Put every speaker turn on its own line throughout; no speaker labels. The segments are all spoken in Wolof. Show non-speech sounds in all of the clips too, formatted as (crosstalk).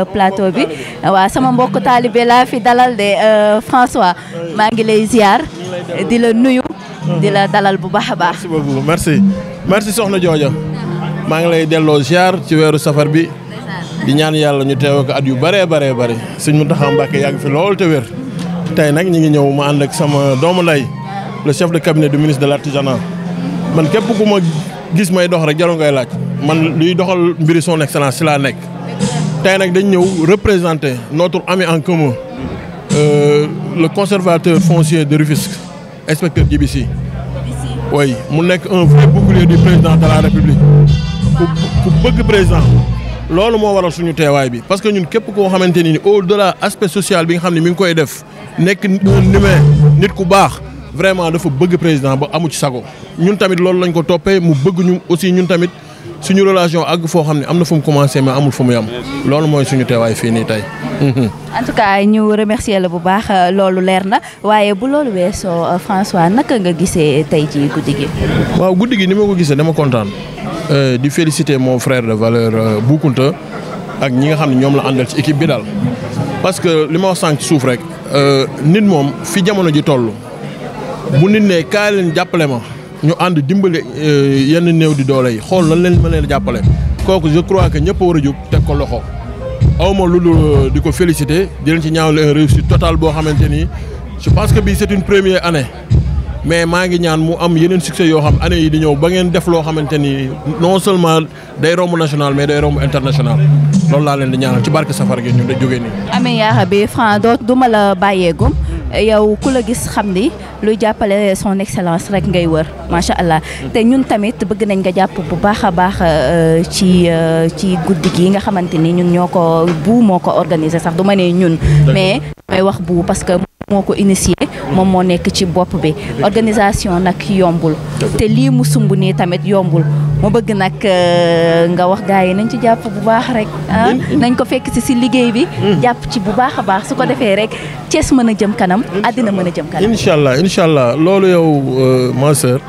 Euh, plateau bi wa sama mbok talibé la fi dalal de euh, François ma ngi lay ziar di la nuyu di la dalal bu baax baax merci
beaucoup merci merci soxna jojo ma ngi lay delloo ziar ci wéru safar bi di ñaan yalla ñu téw ko at yu bare bare bare mu taxam mbacké yag fi lool te wér tay nak ñi ngi ñëw ma and ak sama doomu lay le chef de cabinet du ministre de l'artisanat man képp ku ma gis may dox rek jaru ngay laaj man luy doxal mbiri son excellence ci laa tay nak dañ ñëw représenter notre ami en commun euh, le conservateur foncier de Rufisque inspecteur d'IBC, oui mu nek un vrai bouclier du président de la République ku bëgg président lolu mo waral suñu téway bi parce que ñun képp ko xamante ni au-delà aspect social bi nga xamni ne mi ngi koy def nek numéro nit ku baax vraiment dafa bëgg président ba amu ci sago ñun tamit lolu lañ ko topé mu bëgg ñu aussi ñun tamit suñu relation àgg fo xamni amna fum commencé mais amul fu yam loolu mooy suñu teewaay fii nii tey. Mhm.
en tout cas ñu remercier la bu baax euh, lolu leer na bu lolu wesso euh, François naka nga gisee tay ci
guddigi waaw guddigi ni ma ko gisee dama euh di féliciter mon frère de valeur euh, Boukounta ak ñi nga xamni ñom la andal ci équipe bi dal parce que li ma wax sànq ci suuf rek nit mom fi jamono ji tollu bu nit né kaay leen ma ñu ànd dimbali euh, yenn new di dolay xol xool lan leen ma leen jàppale kooku je crois que ñepp wara juk tek ko loxo awma ma euh, diko féliciter di leen ci ñaawle un réussite totale bo xamanteni je pense que bi c'est une première année mais ma ngi ñaan mu am yeneen succès yo xam année yi di ñew ba ngeen def lo xamanteni non seulement day romb national mais day romb international lolou la leen di ñaanal ci barke safar gi ñu da jogé ni
amé ya bi Franc doo du ma la bàyyeegum yow ku la gis xam ni luy jàppale son excellence rek ngay wër macha allah te ñun tamit bëgg nañ nga jàpp bu baax a baax euh, ci euh, ci guddi gi nga xamante ni ñun ñoo ko bu moo ko organiser sax du ma ne ñun mais mooy wax bu parce que moo ko initié moom moo nekk ci bopp bi organisation nag yombul te lii mu sumb nii tamit yombul ma bëgg nag euh, nga wax gars yi nañ ci jàpp bu baax rek ah mm-hmm. Mm-hmm. ko fekk si si liggéey bi mm-hmm. jàpp ci bu a baax su ko defee rek Thiès mën a jëm kanam àddina mën a jëm kanam incha
allah incha allah loolu yow euh, ma sœur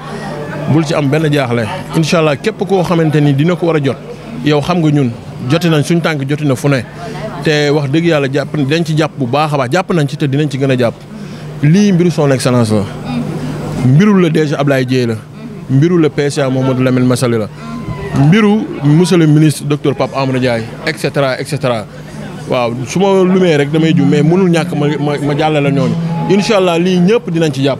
bul ci am benn jaaxle incha allah képp koo xamante ni dina ko war a jot yow xam nga ñun joti nañ suñ tànk joti fu ne te wax dëgg yàlla jàpp dañ ci jàpp bu baax a baax jàpp nañ ci te dinañ ci gën a jàpp lii mbiru son excellence la mbirul la déjà Ablaye la mbiru le PCA Mamadou Lamine Massaly la mbiru monsieur le ministre docteur Pape Amadou Ndiaye et cetera et cetera waaw su ma lumee rek damay ju mais mënul ñàkk ma ma jàllale ñooñu incha allah lii ñëpp dinañ ci jàpp.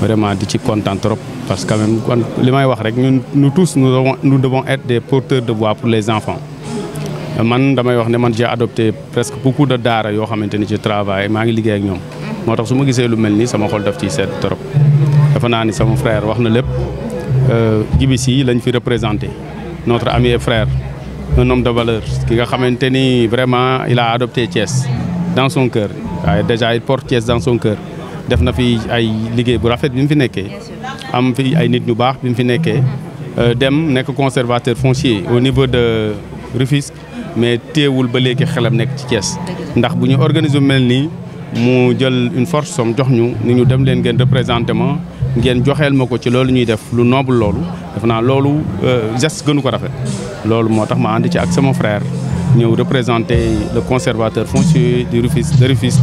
vraiment di ci kontaan trop parce que quand même kon wax rek ñun nous tous nous devons nous devons être des porteurs de voix pour les enfants man damay wax ne man j'ai adopté presque beaucoup de daara yo xamante ci travail ma ngi liggé ak ñom motax suma su lu melni sama xol daf ci sét trop dafa nani sama frère wax na lépp euh, Djiby Sy lañ fi représenté notre ami et frère un homme de valeur ki nga xamante vraiment il a adopté Thiès dans son cœur déjà il porte Thiès dans son cœur def na fi ay liggéey bu rafet bi mu fi nekkee am fi ay nit ñu baax bi mu fi nekkee mm-hmm. euh, dem nekk conservateur foncier au niveau de Rufisque mais téewul ba léegi xelam nekk ci Thiès ndax bu ñu organiser mel nii mu jël une force somme jox ñu ni ñu dem leen ngeen représentement ma ngeen joxeel ma ko ci loolu ñuy def lu noble loolu def naa loolu euh, geste gënu ko rafet loolu moo tax ma ànd ci ak sama frère ñëw représenté le conservateur foncier du Rufisque de Rufisque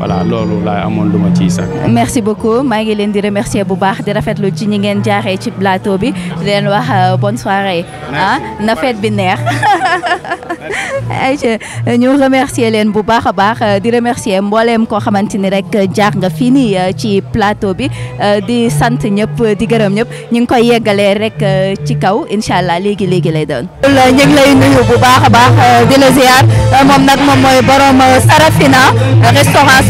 voilà lolu la amone luma ci sax. merci
beaucoup ma ngi len di remercier bu baax di rafetlu ci ñi ngeen jaaree ci plateau bi di len wax euh, bonne soirée. ah na fête bi neex. ay (laughs) ayca ñu remercier len bu baax baax euh, di remercier mbollem ko xamanteni rek jaar nga fini euh, ci plateau bi di sante ñep di gërëm ñep ñi ngi koy yeggalee rek ci kaw inshallah légui légui lay doon. ñi ngi lay nuyu bu baax baax di la ziar mom nak mom moy borom Sarafina restaurant.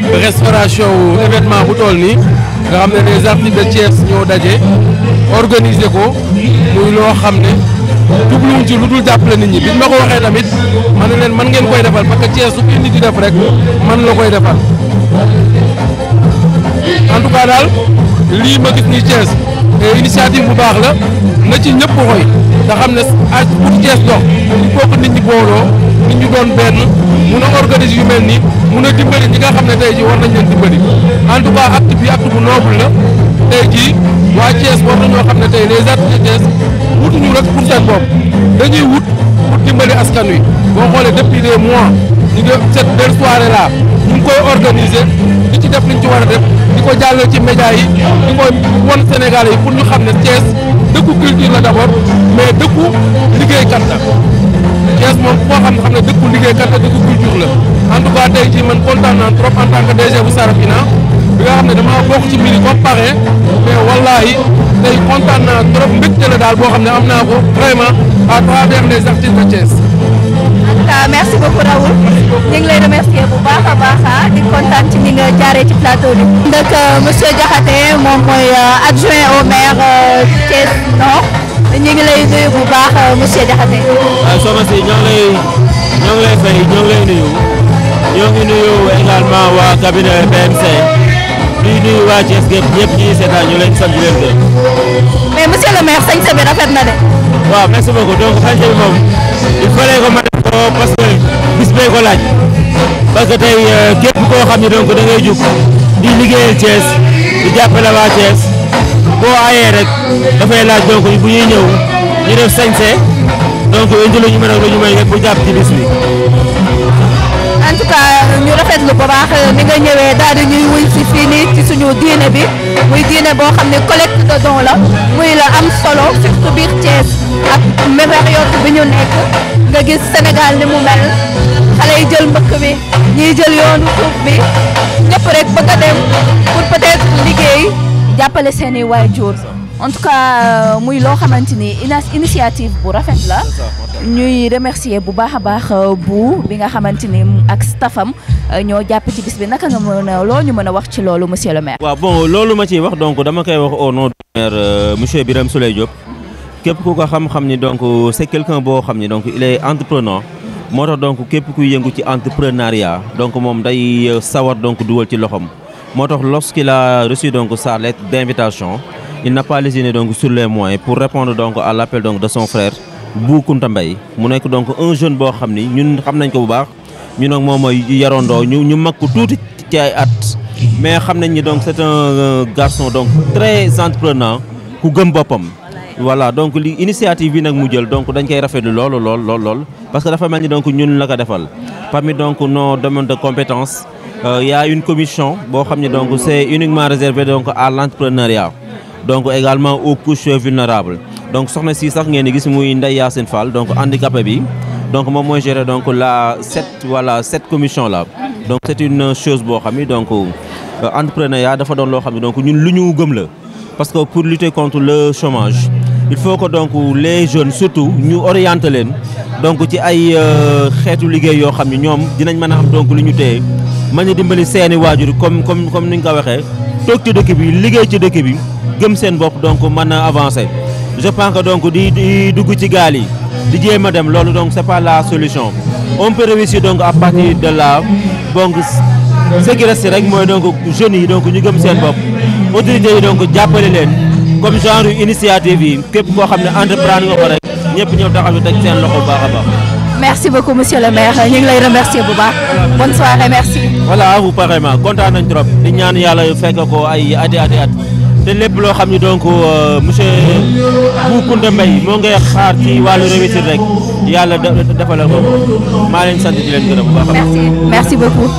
restauration wu événement bu tool nii nga xam ne des artistes de Thiès ñoo daje organiser ko muy loo xam ne jubluwuñ ci lu dul jàppale nit ñi biñ ma ko waxee tamit ma man ngeen koy defal parce que Thiès su indi di def rek man la koy defal en tout cas daal lii ma gis ni te initiative bu baax la na ci ñëpp xoy te xam ne ah pour Thiès dox il faut que nit ñi booloo. nit ñu doon benn mun a organiser yu mel nii mun a dimbali ñi nga xam ne tey jii war nañ leen dimbali en tout cas acte bi acte bu noble la tey jii waa Thiès war nañoo xam ne tey les artistes de Thiès wutuñu rek pour seen bopp dañuy wut pour dimbali askan wi boo xoolee depuis des mois ñu ngi cette belle soirée là ñu ngi koy organiser di ci def liñ ci war a def di ko jàllale ci média yi di ko won Sénégalais yi pour ñu xam ne Thiès dëkku culture la d'abord mais dëkku liggéeykat la. Thiès moom foo xam xam ne dëkku liggéeykat la dëkku culture la en tout cas tay jii man kontaan naa trop en tant que DG bu Sarafina bi nga xam dama bokku ci mbiri comme parrain mais wallahi tay kontaan naa trop mbégte la dal bo xam ne am naa ko vraiment à travers les
artistes de Thiès. merci beaucoup Raoul ñu ngi lay remercier bu baax a baax ah, di kontaan ci ni nga jaaree ci plateau bi. donc euh, monsieur Diakhaté moom mooy euh, adjoint au maire euh, Thiès Nord. ñu ngi lay nuyu bu baax euh, monsieur Diakhaté. waaw
ah, soxna si ñoo ngi lay ñoo ngi lay fay ñoo ngi lay nuyu ñoo ngi nuyu également waa cabinet BMC di nuyu waa Thiès gépp ñëpp ñi seetaan ñu leen sant leen gërëm.
mais monsieur le maire sañse bi rafet na de.
waaw merci beaucoup donc sañse bi moom il fallait que ma def ko parce que bis bee ko laaj parce que tey euh, képp koo xam ne donc da ngay jug di liggéeyal Thiès di jàppale waa Thiès. boo aayee rek dafay laaj donc bu ñuy ñëw ñu def sañse donc indi lu ñu mën ak lu may bu jàpp ci bis bi.
en tout cas ñu rafetlu baax ni nga ñëwee daal ñuy wuy si fii nii ci suñu diine bi muy diine boo xam ne collecte de dons la muy la am solo surtout biir Thiès ak période bi ñu nekk nga gis Sénégal ni mu mel xale yi jël mbëkk bi ñiy jël yoonu suuf bi ñëpp rek bëgg dem. jàppale seen i waajur en tout cas euh, muy loo xamante ni initiative bu rafet la ñuy remercier bu baax a baax euh, bu bi nga xamante ni ak staffam euh, ñoo jàpp ci bis bi naka nga mën a loo ñu mën a wax ci loolu monsieur le maire. waaw
bon loolu ma ciy wax donc dama koy wax au nom du maire monsieur Birame Souleye Diop képp ku ko xam-xam ni donc c'est quelqu'un boo xam ni donc il entrepreneur moo tax donc képp kuy yëngu ci entrepreneuriat donc moom day sawar donc duwal ci loxoom. lorsqu'il a reçu donc sa lettre d'invitation il n'a pas lésiné donc sur les moyens pour répondre donc à l'appel donc de son frère Bou Kounta Mbaye donc un jeune boo xam ni ñun xam nañ ko bu baax ñu nag moom mooy yarandoo ñu ñu mag ci ay mais xam ni donc c'est un garçon donc très entreprenant ku gëm voilà donc l'initiative initiative bi mu jël donc dañ koy rafetlu loolu lool lool lool parce que dafa mel ni donc ñun la ko defal parmi donc nos domaines de compétences euh, il y a une commission boo xam donc c'est uniquement réservé donc à l'entrepreneuriat donc également aux couches vulnérables donc soxna si sax ngeen gis muy nday yassine Fall donc handicapé bi donc moi, moi gérer donc la cette voilà cette commission là donc c'est une chose bo xamni donc euh, entrepreneuriat dafa don lo xamni donc ñun luñu gëm la parce que pour lutter contre le chômage il faut que donc les jeunes surtout ñu orienter len donc ci ay euh, xétu liguey yo xamni ñom dinañ mëna donc luñu ñu mané dimbali séni wajuri comme comme comme ni nga ko waxee toog ci dëkk bi liggéey ci dëkk bi gëm seen bopp donc mën a avancer je pense que donc di dugg ci gal yi di jéem a dem loolu donc c'est pas la solution on peut réussir donc à partir de là donc ce qui reste rek moy donc jeune yi donc ñu gëm seen bopp autorité yi donc jappalé leen comme genre initiative yi képp ko xamné ne entreprendre nga ko rek ñëpp ñëw taxaw ñu teg seen loxo bu baax baax
merci beaucoup monsieur le maire ñu ngi lay remercier bu baax
bonne soirée merci. voilà vous pareillement ma. nañ trop di ñaan yàlla fekk ko ay ati ati at te lépp loo xam donc euh, monsieur Boucounda Mbaye moo ngay xaar ci wàllu
réussite rek yàlla defal ko maa leen sant di leen gërëm bu baax.
merci merci beaucoup.